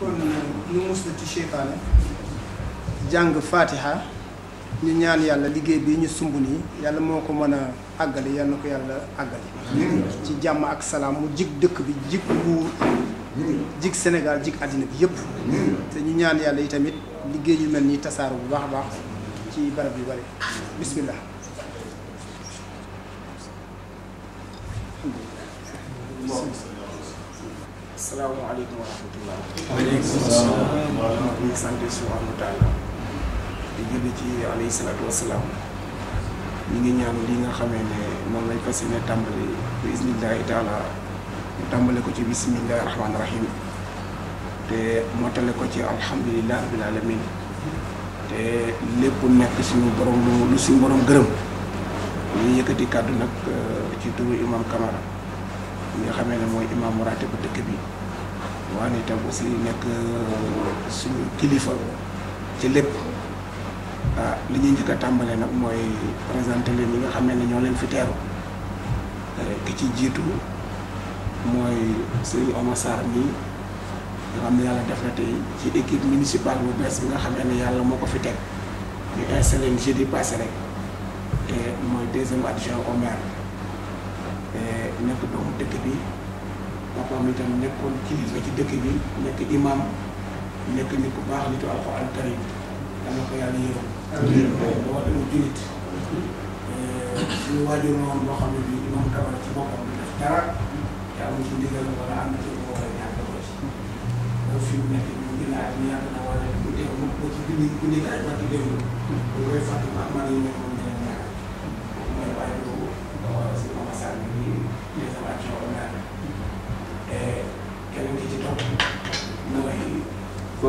kon ñu mus la ci seytaane jàng faatiha ñu ñaan yàlla liggéey bi ñu sumb nii yàlla moo ko mën a àggali yal na ko yàlla àggali ci jàmm ak salaam mu jig dëkk bi jig nguur jig Sénégal jig àddina bi yëpp te ñu ñaan yàlla yi tamit liggéey yu mel nii tasaaru bu baax a baax ci barab yu bari bismillah salaamaaleykum wa rahmatullah. waaleykum salaam wa rahmatullah. ñu ngi sant subhaanahu ci alayhi salaatu wa salaam. ngi ñaan li nga xamee ne moom lañ fas yéene tàmbali bi isnillahi taala ñu ko ci bismillahi rahmaani rahim. te mottale ko ci alhamdulilah rabbil alamin te lépp nekk suñu borom lu suñu borom gërëm. ñu yëkkati kàddu nag euh, ci turu imam Camara. ñi nga xamee ne mooy imam ratib bu dëkk bi waaye itam aussi nekk euh, suñu kilifa ci lépp ah li ñuy njëkk tàmbalee nag mooy présenter leen ñi nga xam ne ñoo leen fi teeru eh, ki ci jiitu mooy sëriñ Omar Sarr mii nga xam ne yàlla def na tey ci équipe municipale bu bees bi nga xam ne yàlla moo ko fi teg ñu installé leen jeudi passé rek te eh, mooy deuxième adjoint au maire eh, nekk doomu dëkk bi. papaam itam nekkoon kilifa ci dëkk bi nekk imam nekk nit ku baax nitu alxuraan karim dama ko yàlla yërëm. yërëm boo xam ne jullit. suñu waajur woon boo xam ne bii imam Tabara ci boppam du def dara te amul ci ndigal wala am na ci lu war a ñàkk ko ci. donc fi mu nekk ñu gën a ñu yàgg na wala bu dee bu bu ci bind bu nekk ay bàtt déglu. bu koy fàttali ak man yi ñu nekkoon dinañ ñàkk. mooy waaye du dawal si Mama Sall bi.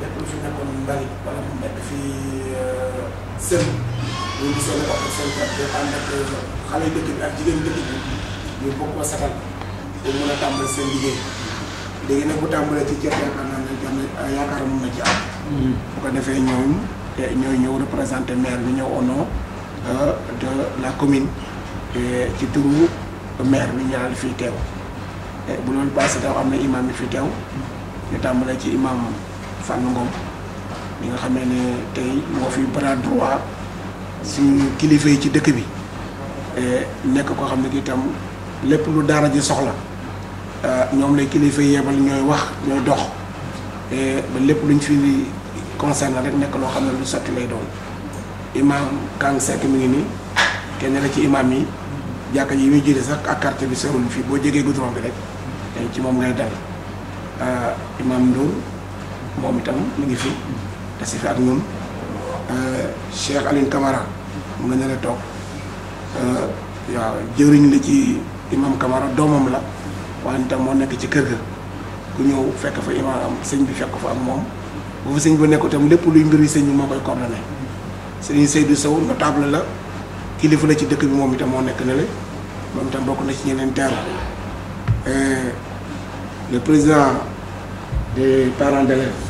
nekk lu fi nekkoon mbari wala mu fi euh, sën loolu gisee la wax seen kat day ànd ak euh, xale dëkk bi ak jigéen dëkk bi ñu bokk ko saxal nag bu tàmbalee ci gerte yaakaar ne jamono euh, yaakaar mm-hmm. bu ko defee ñooñu ñooy ñëw représenté maire bi ñëw au nom de la commune ci turu maire bi ñaanal fii teew bu loolu passé am na imam fi teew ñu tàmbalee ci imam Fallou Ngom li nga xam ne tey moo fi bras droit si kilifa yi ci dëkk bi e nekk koo xam ne ki itam lépp lu daara ji soxla e ñoom lay kilifa yi yebal ñooy wax ñooy dox e ba lépp luñ fi concerné rek nekk loo xam ne lu sotti lay doon imam Kang Seck mi ngi nii kenn la ci imam yi jàkka yi muy jëlee sax ak quartier bi sorul fii boo jegee goudron bi rek ci moom ngay dal imam Ndour moom itam mu ngi fi desi fi ak ñun euh, Cheikh Alioune Camara mu nga ne toog euh, waaw jëriñ la ci imam Camara doomam la waaye itam moo nekk ci kër ga ku ñëw fekk fa imam sëñ bi fekk fa am moom bu fa sëñ ba nekk tam lépp luy mbiri sëñ bi moo koy coordonné sëñ Seydou Sow notable la kilifa la ci dëkk bi moom itam moo nekk ne la moom itam bokk na ci ñeneen teer euh, le président des parents d'élèves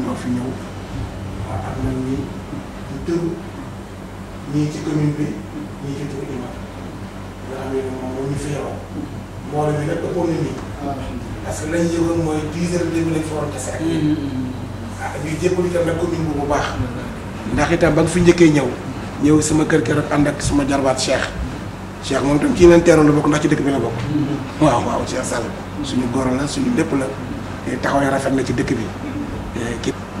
ñoo fi ñëw waaw ak nag ñi ñu tëru ñii ne moom ñu fi yeewal mbooloo mi nag ëppoon na nii parce que lañ yëgoon mooy mm-hmm. ah, nag commune bu bu baax mm-hmm. ndax itam ba nga fi njëkkee ñëw ñëw sama kër kër ak ànd ak sama jarbaat Cheikh Cheikh moom itam kii leen teeroon la bokk ndax ci dëkk bi la bokk mm-hmm. waaw waaw Cheikh Sall suñu góor la suñu lépp la taxawaay rafet na ci dëkk bi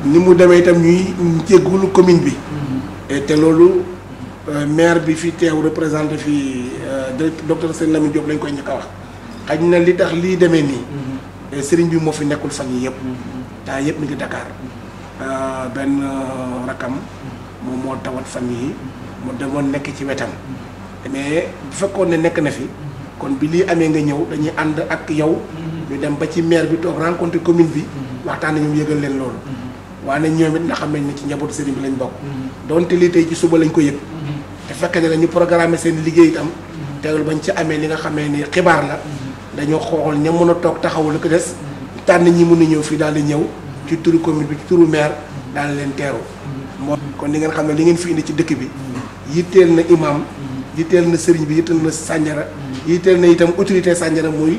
ni mu demee itam ñuy jéggulu commune bi mm-hmm. te loolu euh, maire bi fi teew représenté fi euh, docteur Serigne Lamine Diop lañ koy njëkk a wax xaj na li tax lii demee nii mm-hmm. sëriñ bi moo fi nekkul fan yi yëpp mm-hmm. temps yëpp mi ngi Dakar euh, benn rakam moom moo tawal fan yi mu demoon nekk ci wetam mais bu fekkoon ne nekk na fi kon bi lii amee nga ñëw dañuy ànd ak yow ñu dem ba ci maire bi toog rencontré commune bi waxtaan nañu yëgal leen loolu. Mm-hmm. waaye nag ñoom it na xam nañ ne ci njabootu sëriñ bi lañ bokk. Mm-hmm. donte lii tey ci suba lañ ko yëg. Mm-hmm. te fekk ne la ñu programmé seen liggéey itam. teewul bañ ci amee li nga xamee ni xibaar la. dañoo xool ña mën a toog taxawu la ko des. tànn ñi mën a ñëw fii daal di ñëw. ci turu commune bi ci turu maire daal leen teeru. moo kon di ngeen xam ne li ngeen fii indi ci dëkk bi. yitteel na imam yitteel na sëriñ bi yitteel na sànjara yitteel na itam autorité sànjara muy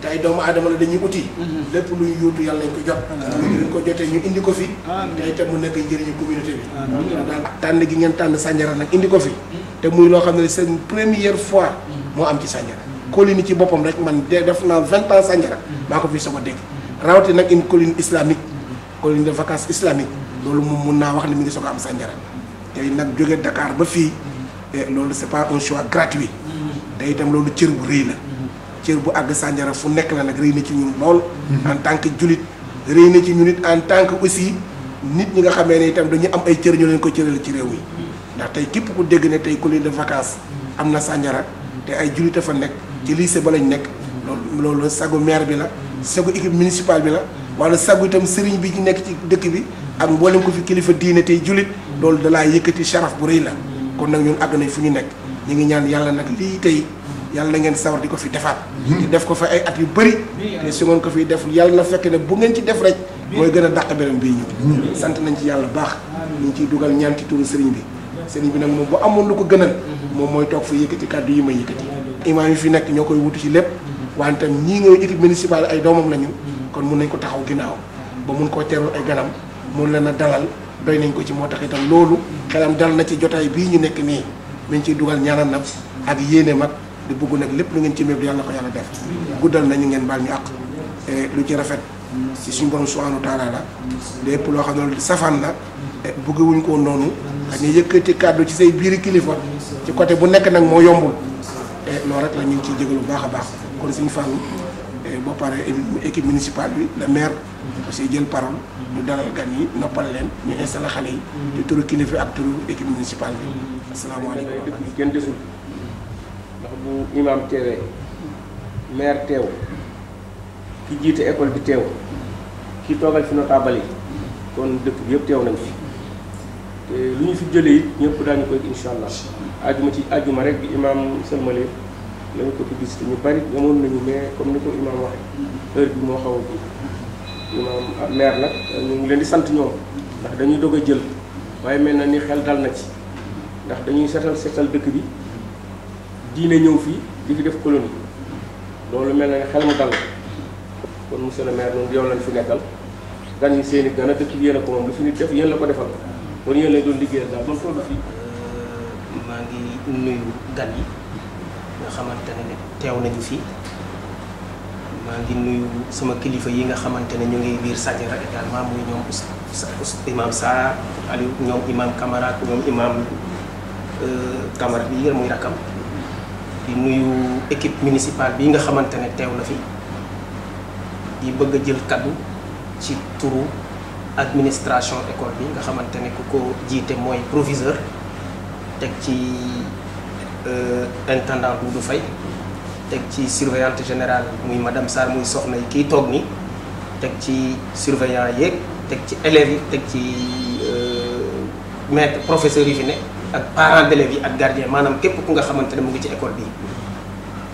tay ay doomu aadama la dañuy outil mhm. lepp luy yootu yalla lañ ko jot ñu ko jotee ñu indi ko fi tay té mu nekk njëriñu communauté bi tan gi ngeen tan sànjara nak indi ko fi mhm. té muy lo xamné ne c'est première fois mhm. mo am ci sànjara colline ci bopam rek man def na 20 ans sànjara mako fi sama dégg rawati nag une colline islamique colline de vacances islamique lolu mu mëna wax ni mi ngi soog am sànjara té nak jóge Dakar ba fi eh, lolu c'est pas un choix gratuit day tam lolu cër bu rëy cër bu àgg sànjara fu nekk la nag rëy na ci ñun lool. en tant que julit rëy na ci ñun it en tant que aussi nit ñi nga xamee ne itam dañu am ay cër ñu leen ko cëral ci réew mi ndax tey képp ku dégg ne tey colonie de vacances am na Sandiara te ay julit a fa nekk ci se ba lañ nekk. loolu loolu sagu bi la. sagu équipe municipale bi la. wala sagu itam sëriñ bi ci nekk ci dëkk bi ak mboolem ko fi kilifa diine tey julit loolu dalaa yëkkati sharaf bu rëy la kon nag ñun àgg nañ fu ñu nekk ñu ngi ñaan yàlla nag lii tey. yàlla na ngeen sawar di ko fi defaat di def ko fa ay at yu bëri te su ngeen ko fiy def yàlla na fekk ne bu ngeen ci def rek mooy gën a dàq beneen bii sant nañ ci yàlla baax ñu ngi ciy dugal ñaan ci turu sëriñ bi sëriñ bi nag moom bu amoon lu ko gënal moom mooy toog fa yëkkati kàddu yi may yëkkati imaam yi fi nekk ñoo koy wutu ci lépp wante tam ñii nga équipe ay doomam lañu kon mun nañ ko taxaw ginnaaw ba mun koo teerul ay ganam mun leen a dalal doy nañ ko ci moo tax itam loolu xelam dal na ci jotaay bii ñu nekk nii mi ngi ciy dugal ñaananam ak yéene mag di bugg nag lépp lu ngeen ci meub yàlla na ko yàlla def guddal nañu ngeen baal ñu àq lu ci rafet ci suñu borom subhanahu taala la lepp lo xam ne loolu la bugg wuñ ko nonu ak yëkkati kàddu ci say biiri kilifa ci côté bu nek nak mo yombul loolu rek la ñu ci ciy bu baaxa baax kon suñu fànn ba pare équipe municipale bi le maire aussi jël parole ñu dalal gan yi noppal leen ñu installé xale yi te turu kilifa ak turu équipe municipale bi asalaamaaleykum kenn desul bu imaam teewee maire teew ki jiite école bi teew ki toogal fi notable yi kon dëkk bi yëpp teew nañ fi te lu ñu fi jëlee it ñëpp daañu koy incha allah ajuma ci ajuma rek bi imaam sëlmale la ko ko publicité ñu bari amoon nañu mais comme ni ko imaam waxee heure bi moo xaw a ji imaam ah, maire nag ngi leen di sant ñoom ndax dañuy dog a jël waaye mel na ni xel dal na ci ndax dañuy setal setal dëkk bi diine ñew fi di fi def colonie loolu mel na xel mu dal kon monsieur le maire noonu yow lañ fi nekkal gan yi seeni gëna dëkk yéen a ko mom lu fi nit def yeen la ko defal kon yeen lay doon liggéeyal daal doon toll fii euh, maa ngi nuyu gan yi nga xamantene ne teew nañu fi maa ngi nuyu sama kilifa yi nga xamantene ñu ngi biir sajara également muy ñoom imam sa Aliou ñoom imam Camara ñoom imam euh, Camara bi yeer muy rakam di nuyu équipe municipal bi nga xamante ne teew na fi di bëgg a jël kaddu ci turu administration école bi nga xamante ne ku ko jiite mooy proviseur teg ci euh, intendant du Faye teg ci surveillante générale muy madame Sarr muy soxna yi kii toog ni teg ci surveillant yéeg teg ci élèves yi teg ci euh, maître professeur yi fi ne ak parents d'élèves yi ak gardien maanaam képp ku nga xamante ne mu ngi ci école bi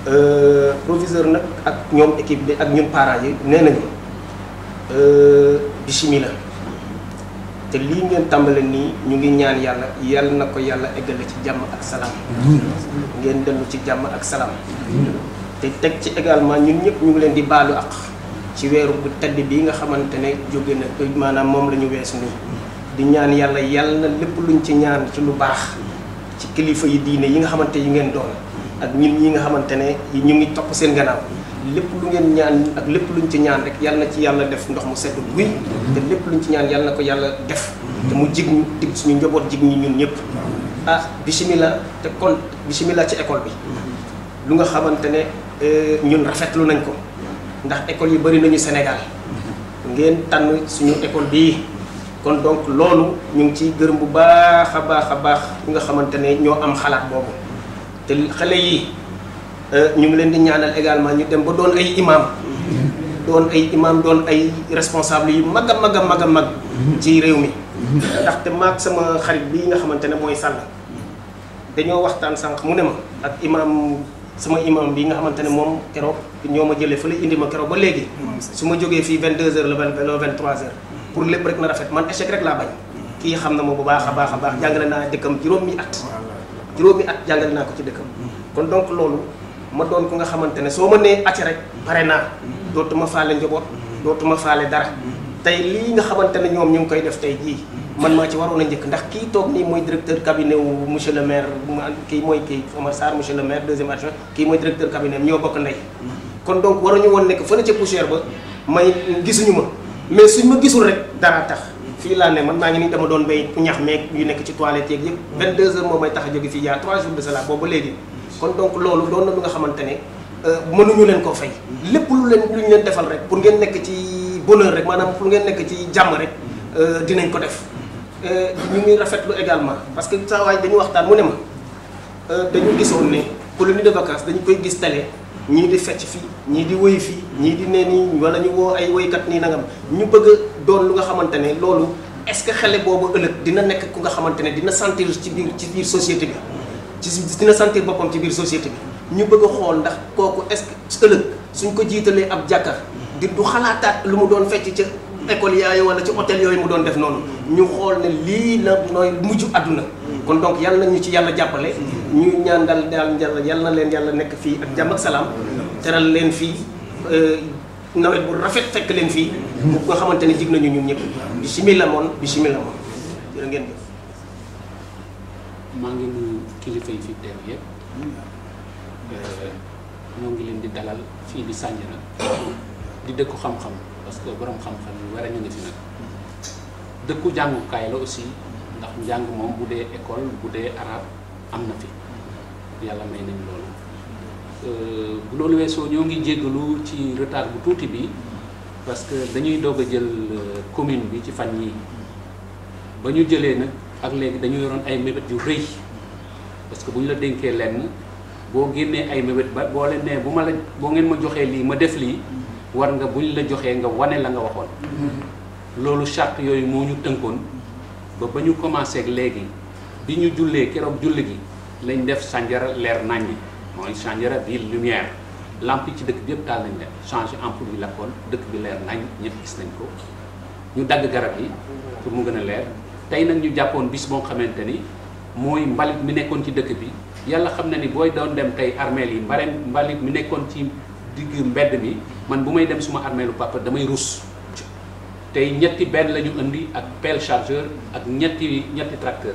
euh, proviseur nag ak ñoom équipe bi ak ñun parents yi nee nañu euh, bi chimie la te lii ngeen tàmbale nii ñu ngi ñaan yàlla yàlla na ko yàlla eggale ci jàmm ak salaam ngeen dellu ci jàmm ak salaam te teg ci également ñun ñëpp ñu ngi leen di baalu ak ci weeru bu tedd bii nga xamante ne jóge na maanaam moom la ñu weesu nii di ñaan yalla yalla na lepp luñ ci ñaan ci lu bax ci kilifa yi diine yi nga xamantene yu ngeen doon ak ñun yi nga xamantene ne ñu ngi top seen gannaaw lepp lu ngeen ñaan ak lepp luñ ci ñaan rek yalla na ci yalla def ndox mu sedd guy te lepp luñ ci ñaan yalla na ko yalla def te mu jig ñu tib suñu njaboot jig ñi ñun ñepp ah bismillah te kon bismillah ci école bi lu nga xamantene ne eh, ñun rafetlu nañ ko ndax école yi bari nañu Sénégal ngeen tan suñu école bi kon donc loolu ñu ngi ciy gërëm bu baax a baax a baax ñi nga xamante ne ñoo am xalaat boobu te xale yi euh, ñu ngi leen di ñaanal également ñu dem ba doon ay imam doon ay imam doon ay responsable yu mag a mag a mag a mag ci réew mi ndaxte maag sama xarit bii nga xamante ne mooy sàll dañoo waxtaan sànq mu ne ma ak imam sama imam bi nga xamante ne moom keroog ñoo ma jëlee fële indi ma keroog ba léegi su ma jógee fii 22 heures le 23 heures pour lépp rek na rafet man échec rek laa bañ kii xam na ma bu baax a baax a baax jàngale naa dëkkam mi at juróomi at jàngale naa ko ci dëkkam kon donc loolu ma doon ku nga xamante ne soo ma nee acc rek pare naa dootuma faale njoboot dootuma faale dara tey lii nga xamante ne ñoom ñu ngi koy def tey jii man maa ci waroon a njëkk ndax kii toog nii mooy directeur cabinet wu monsieur le maire kii mooy kii Omar Sarr monsieur le maire deuxième adjoint kii mooy directeur cabinet ñoo bokk ndey kon donc waruñu woon nekk fële ca poussière ba may gisuñu ma mais suñ ma gisul rek dara tax fii laa ne man naa ngi nii dama doon béy ñax meeg yu nekk ci toilette yeeg yëpp 22 mm. heures moo may tax a jóge fii yaa 3 jours de cela boobu léegi kon donc loolu doon na lu nga xamante ne euh, mënuñu leen koo fay mm. lépp lu leen lu ñu leen defal rek pour ngeen nekk ci bonheur rek maanaam pour ngeen nekk ci jàmm rek mm. euh, dinañ ko def euh, ñu ngi rafetlu également parce que saa dañu waxtaan mu ne ma dañu gisoon ne colonie de vacances dañu koy gis télé ñii di fecc fii ñii di woy fii ñii di ne nii wala ñu woo ay woykat nii nangam ñu bëgg doon lu nga xamante ne loolu est-ce que xale boobu ëllëg dina nekk ku nga xamante ne dina sentir ci biir ci biir société bi ci dina sentir boppam ci biir société bi ñu bëgg a xool ndax kooku est-ce que ëllëg suñ ko jiitalee ab jàkka di du xalaataat lu mu doon fecc ca école yaayu wala ci hôtel yooyu mu doon def noonu ñu xool ne lii la nooy mujj àdduna kon donc yàlla ñu ci yàlla jàppale ñu ñaan dal daal yàlla na leen yàlla nekk fi ak ak teral leen euh, nawet bu rafet fekk leen fii bu nga xamante jig nañu ñun ñëpp bisimila moon bisimila moon jërë ngeen jëf ngi kilifa euh, ngi leen di dalal fii di di dëkku xam-xam parce que borom xam-xam yu ñu ngi fi nag dëkku jàngukaay la aussi ndax njàng moom école arabe am na fi yàlla may nañ loolu euh, bu loolu weesoo ñoo ngi jéggalu ci retard bu tuuti bi parce que dañuy doog a jël euh, commune bi ci fan yi ba ñu jëlee nag ak léegi dañu yoroon ay mébét yu rëy parce que bu ñu la dénkee lenn boo génnee ay mébét ba boo leen nee bu ma la boo ngeen ma joxee lii ma def lii war nga bu ñu la joxee nga wane la nga waxoon mm-hmm. loolu charte yooyu moo ñu tënkoon ba ba ñu commencé ak léegi bi ñu jullee keroog julli gi lañ def sanjara leer naññi moy sanjara di lumière lamp ci dëkk bi yëpp taal nañ leen changé ampoule la kon dëkk bi lèr nañ ñepp gis nañ ko ñu dag garab yi pour mu gëna lèr tay nak ñu jàppoon bis bo xamanteni moy mbalit mi nekkon ci dëkk bi yalla xamna ni boy doon dem tay armeel yi mbareem mbalit mi nekkon ci digg mbedd bi man bu may dem suma Armelu papa damay rus tay ñetti ben lañu andi ak pel chargeur ak ñetti ñetti tracteur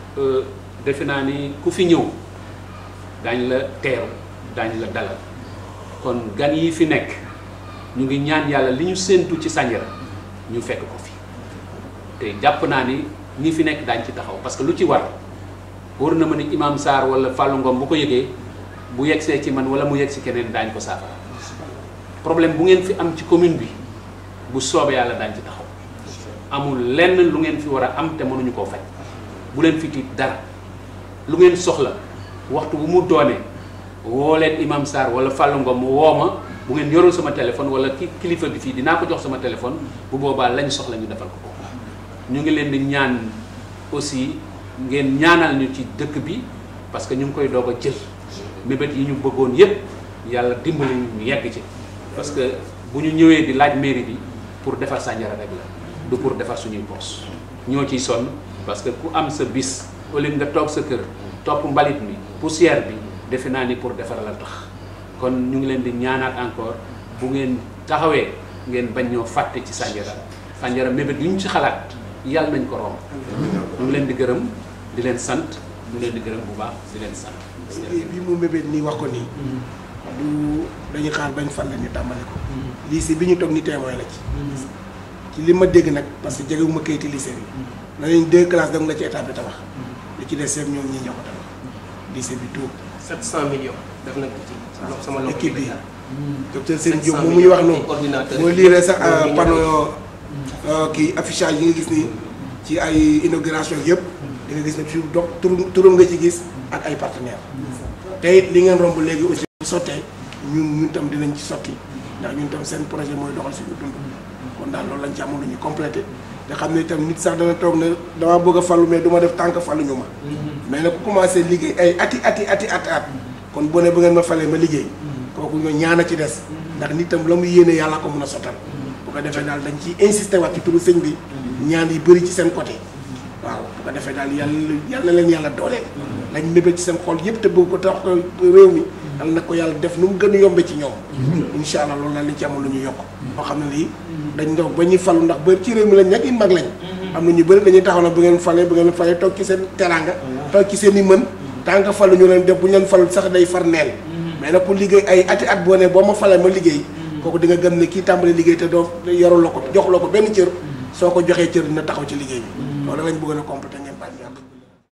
Euh, defe naa ni ku fi ñëw dañ la teeru dañ la dalal kon gan yi fi nekk ñu ngi ñaan yàlla li ñu séentu ci Sandiara ñu fekk ko fi te jàpp naa ni ñi fi nekk daañ ci taxaw parce que lu ci war wóor na ma ni Imam saar wala fàllu ngoom bu ko yëgee bu yegsee ci man wala mu yegg si keneen daañ ko saafara problème bu ngeen fi am ci commune bi bu soobee yàlla daañ ci taxaw amul lenn lu ngeen fi war a am te mënuñu koo faj bu fi fiti dara lu ngeen soxla waxtu bu mu doone wo len imam sar wala fallu Ngom mu woma bu ngeen yoro sama téléphone wala ki kilifa bi fi dina ko jox sama téléphone bu boba lañ soxla ñu defal ko ñu ngi len di ñaan aussi ngeen ñaanal ñu ci dekk bi parce que ñu ngi koy dogo a jël mebet yi ñu bëggoon yépp yalla dimbali ñu yegg ci parce que bu ñu ñëwé di laaj mairie bi pour defar sànjara rek la du pour défar suñu bos ñoo ci sonn parce que ku am sa bis au nga toog sa kër topp mbalit mi poussière bi defe naa ni pour defar a tax kon ñu ngi leen di ñaanaat encore bu ngeen taxawee ngeen bañ ñoo fàtte ci Sandiara Sandiara mébét yu ñu ci xalaat yàlla nañ ko romb ñu ngi leen di gërëm di leen sant ñu leen di gërëm bu baax di leen sant bi mu mébét nii wax ko nii du dañu xaar bañ fan la ñu tàmbali ko mm-hmm. lycée bi ñu toog ni témoin la ci mm-hmm. ci li ma dégg nag parce que jegewuma kayiti lycée bi mm-hmm. danañ deux classes dong la ci état bi tabax li ci des seet ñoom ñi ñoo ko tabax lycée bi tout. 700 millions def nañ ko ci sama loxo équipe bi mm. docteur Sène Diop moom muy wax noonu mooy lii rek sax euh, panneau euh, euh, kii affichage yi nga gis ni ci ay inauguration yëpp di nga gis ne su donc turum turum nga ci gis ak ay partenaires te li ngeen romb léegi aussi bu sottee ñun ñun tam dinañ ci sotti ndax ñun tam seen projet mooy doxal suñu dund kon daal lool lañ ci amoon lu ñu complété te xam ne itam nit sax dana toog ne dama bëgg a falu mais du ma def tànk faluñu ma. mais na ku commencé liggéey ay ati ati ati at at kon boo ne bu ngeen ma falee ma liggéey. kooku ñoo a ci des. ndax nit tam la mu yéene yàlla ko mën a sottal. bu ko defee daal dañ ciy insister waat ci turu sëñ ñaan yi bëri ci seen côté. waaw bu ko defee daal yàlla yàlla leen yàlla dooleel. lañ mébét ci seen xol yëpp te bëgg ko tax ko réew mi. yàlla na ko yàlla def nu mu gën a yombe ci ñoom. incha allah loolu la li ci amul lu ñu yokk. boo xam ne dañ dox ba ñuy falu ndax ba ci réew mi lañ nekk i mag lañ mm-hmm. am na ñu bëri dañuy taxaw na bu ngeen falee bu ngeen falee toog ci seen teraanga toog ci seen i mën mm-hmm. tant falu ñu leen def bu ñu leen falul sax day far neel mm-hmm. mais nag liggéey ay ati at boo ne boo ma falee ma liggéey kooku di nga gëm kii tàmbali liggéey te doo yorul ko jox ko benn cër soo ko joxee cër dina taxaw ci liggéey bi loolu lañ bëggoon a complété